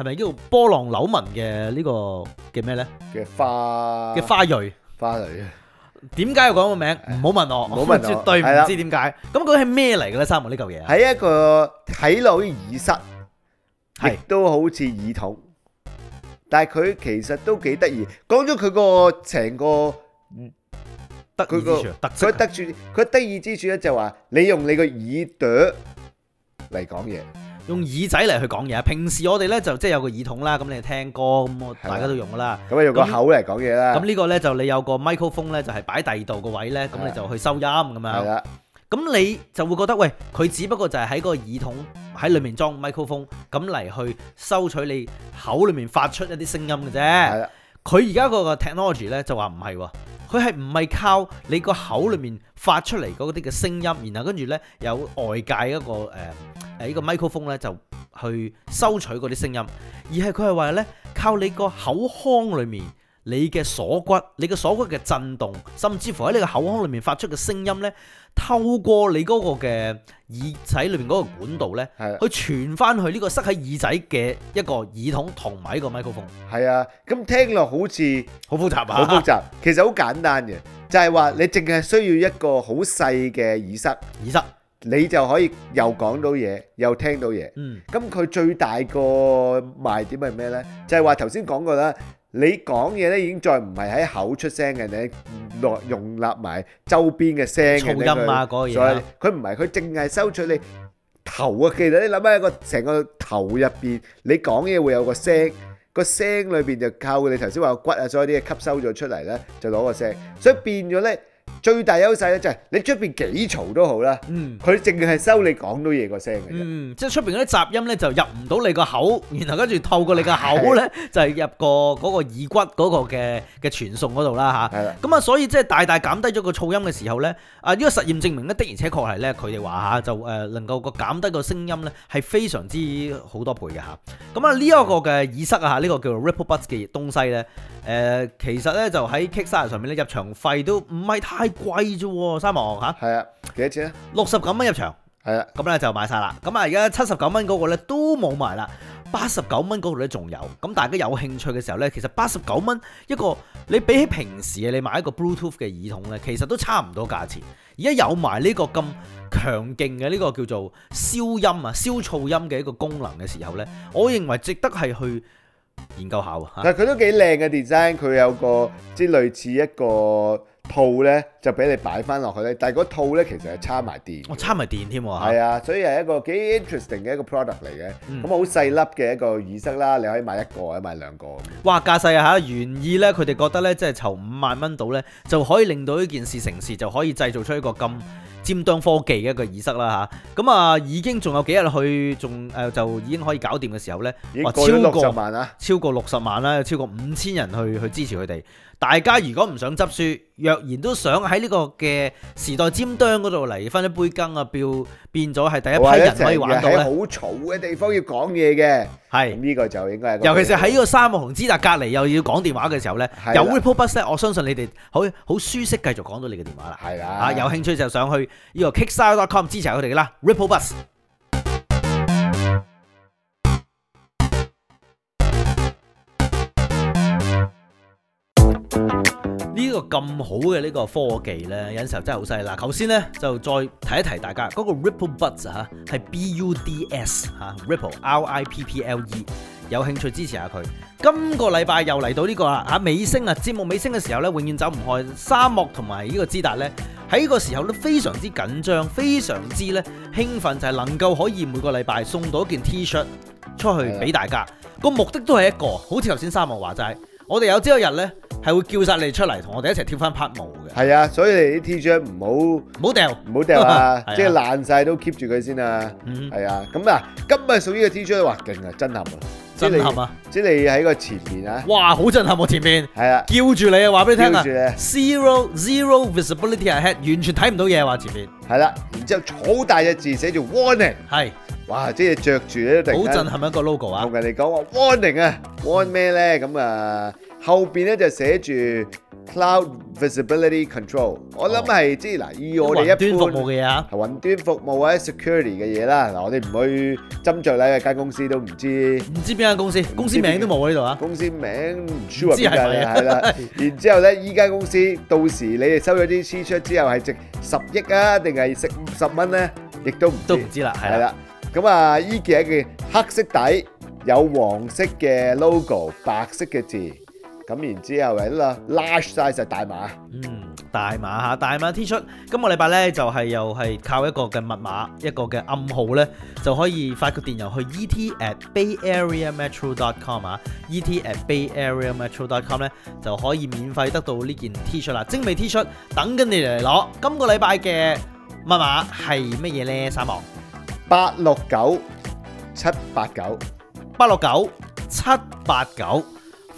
係咪叫做波浪扭紋嘅呢個嘅咩咧？嘅花嘅花蕊，花蕊啊！點解要講個名？唔好問我，絕對唔知點解。咁佢係咩嚟嘅咧？沙漠呢嚿嘢，喺一個睇落去耳塞，亦都好似耳筒，但係佢其實都幾得意。講咗佢個成個特佢個佢得意佢得意之處咧，就係話你用你個耳朵嚟講嘢。用耳仔嚟去講嘢，平時我哋咧就即係有個耳筒啦，咁你聽歌咁，我大家都用噶啦。咁、嗯、那用口個口嚟講嘢啦。咁呢個咧就你有個 microphone 咧，就係擺第二度個位咧，咁你就去收音咁樣。係啦的。咁你就會覺得，喂，佢只不過就係喺個耳筒喺裏面裝 microphone，咁嚟去收取你口裏面發出一啲聲音嘅啫。係啦的。佢而家嗰個 technology 咧就話唔係喎。佢係唔係靠你個口裏面發出嚟嗰啲嘅聲音，然後跟住咧有外界一個、呃呢個、麥克風呢個 microphone 咧就去收取嗰啲聲音，而係佢係話咧靠你個口腔裏面。你嘅鎖骨，你嘅鎖骨嘅震動，甚至乎喺你個口腔裏面發出嘅聲音呢，透過你嗰個嘅耳仔裏面嗰個管道呢，的去傳翻去呢個塞喺耳仔嘅一個耳筒同埋一個 microphone。係啊，咁聽落好似好複雜啊！好複雜，複雜 其實好簡單嘅，就係、是、話你淨係需要一個好細嘅耳塞，耳塞，你就可以又講到嘢又聽到嘢。嗯，咁佢最大個賣點係咩呢？就係話頭先講過啦。你講嘢咧已經再唔係喺口出聲嘅，你落容納埋周邊嘅聲嘅，所以佢唔係佢淨係收取你頭啊！其實你諗下一個成個頭入邊，你講嘢會有個聲，個聲裏邊就靠你頭先話骨啊，所有啲嘢吸收咗出嚟咧，就攞個聲，所以變咗咧。最大優勢咧就係你出邊幾嘈都好啦，嗯，佢淨係收你講到嘢個聲嘅，嗯，即係出邊啲雜音咧就入唔到你個口，然後跟住透過你個口咧是的 就係入個嗰個耳骨嗰個嘅嘅傳送度啦吓，係啦是的、啊，咁啊所以即係大大減低咗個噪音嘅時候咧，啊呢個實驗證明咧的而且確係咧佢哋話吓就誒能夠個減低個聲音咧係非常之好多倍嘅吓，咁啊呢一個嘅耳塞啊嚇，呢個叫做 RippleBuds 嘅東西咧，誒、啊、其實咧就喺 Kickstarter 上面咧入場費都唔係太。太貴啫，三望嚇。係啊，幾多錢啊？六十九蚊入場。係啊的，咁咧就買晒啦。咁啊，而家七十九蚊嗰個咧都冇埋啦，八十九蚊嗰度咧仲有。咁大家有興趣嘅時候咧，其實八十九蚊一個，你比起平時你買一個 Bluetooth 嘅耳筒咧，其實都差唔多價錢。而家有埋呢個咁強勁嘅呢個叫做消音啊、消噪音嘅一個功能嘅時候咧，我認為值得係去研究下啊。但係佢都幾靚嘅 design，佢有個即係類似一個。套咧就俾你擺翻落去咧，但係嗰套咧其實係差埋電，我、哦、差埋電添喎，係啊，所以係一個幾 interesting 嘅一個 product 嚟嘅，咁啊好細粒嘅一個耳塞啦，你可以買一個啊，買兩個。哇！架勢啊嚇，原意咧佢哋覺得咧，即係籌五萬蚊到咧，就可以令到呢件事成事，就可以製造出一個咁。尖端科技嘅一個儀式啦嚇，咁啊已經仲有幾日去，仲誒、呃、就已經可以搞掂嘅時候咧，哇，超過超過六十萬啦，超過五千人去去支持佢哋。大家如果唔想執輸，若然都想喺呢個嘅時代尖端嗰度嚟分一杯羹啊，變咗係第一批人可以玩到咧。喺好嘈嘅地方要講嘢嘅。係是，呢個就應該係。尤其是喺呢個沙漠同之達隔籬又要講電話嘅時候咧，的有 RippleBus 咧，我相信你哋好好舒適繼續講到你嘅電話啦。係啦的，啊有興趣就上去呢個 Kickstarter.com c k t 支持佢哋嘅啦，RippleBus。咁好嘅呢個科技呢，有時候真係好犀利啦！頭先呢，就再提一提大家嗰個 Ripple Buds 嚇，係 B U D S 嚇，Ripple R I P P L E，有興趣支持下佢。今個禮拜又嚟到呢個啦嚇，尾聲啊，節目尾聲嘅時候呢，永遠走唔開。沙漠同埋呢個資達呢，喺呢個時候都非常之緊張，非常之呢興奮，就係能夠可以每個禮拜送到一件 T-shirt 出去俾大家。個目的都係一個，好似頭先沙漠話齋。我哋有朝一日咧，係會叫晒你出嚟，同我哋一齊跳翻拍舞嘅。係啊，所以你啲 T 恤唔好唔好掉，唔好掉啊！即係 是的 爛晒都 keep 住佢先啊！係啊、嗯，咁啊、嗯，今日屬於個 T 恤嘅話勁啊，震撼啊！震撼啊！即你喺個前面啊！哇，好震撼喎、啊！前面係啊，的叫住你啊，話俾你聽啊！Zero zero visibility ahead，完全睇唔到嘢、啊，話前面係啦。然之後好大隻字寫住 warning，係的哇！即係着住都好震撼一個 logo 人啊！啱啱嚟講話 warning 啊，warning 咩咧？咁啊，後邊咧就寫住。Cloud Visibility Control，我諗係即係嗱，以我哋一般係雲端服務嘅嘢啊，係雲端服務或者 Security 嘅嘢啦。嗱，我哋唔去斟酌咧，間公司都唔知，唔知邊間公司，公司名都冇喺度啊。公司名唔知係咪？係啦。然之後咧，依間公司到時你哋收咗啲 T-shirt 之後，係值十億啊，定係值五十蚊咧？亦都唔都唔知啦。係啦。咁啊，依件係一件黑色底有黃色嘅 logo，白色嘅字。咁然之後咧，large size 大碼，嗯，大碼嚇，大碼 T 恤。今個禮拜咧就係、是、又係靠一個嘅密碼，一個嘅暗號咧，就可以發個電郵去 et at bayareametro dot com 嚇、啊啊、et at bayareametro dot com 咧就可以免費得到呢件 T 恤啦。精美 T 恤，等緊你嚟攞。今個禮拜嘅密碼係乜嘢咧，三王？八六九七八九，八六九七八九。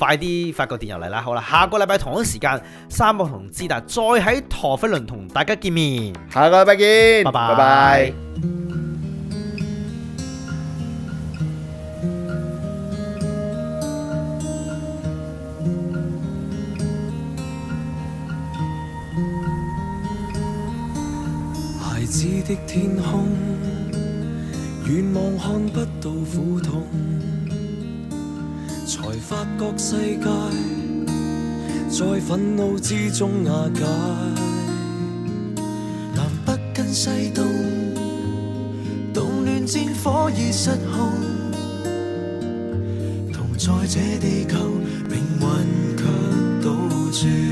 快啲發個電郵嚟啦！好啦，下個禮拜同一時間，三個同志達再喺陀飛輪同大家見面。下個禮拜見拜拜，拜拜拜拜。孩子的天空，願望看不到苦痛。才發覺世界在憤怒之中瓦解，南北跟西東，動亂戰火已失控，同在這地球，命運卻倒轉。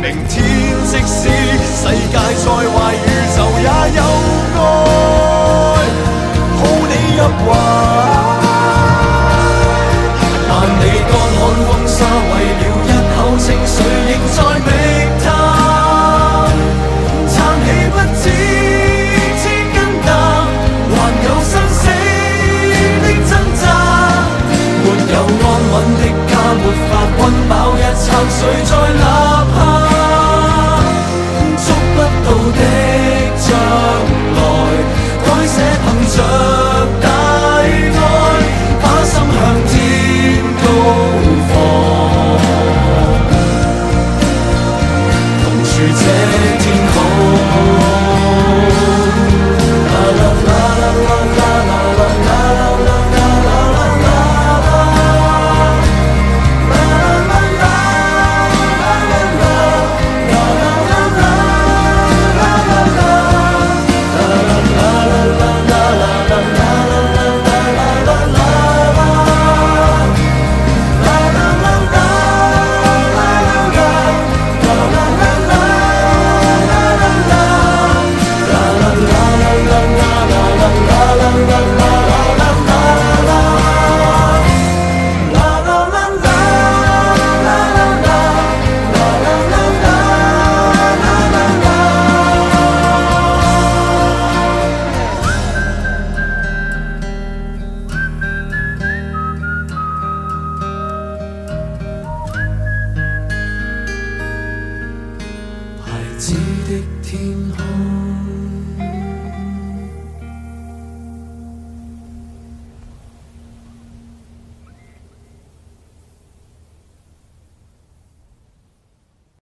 明天即，即使世界再壞。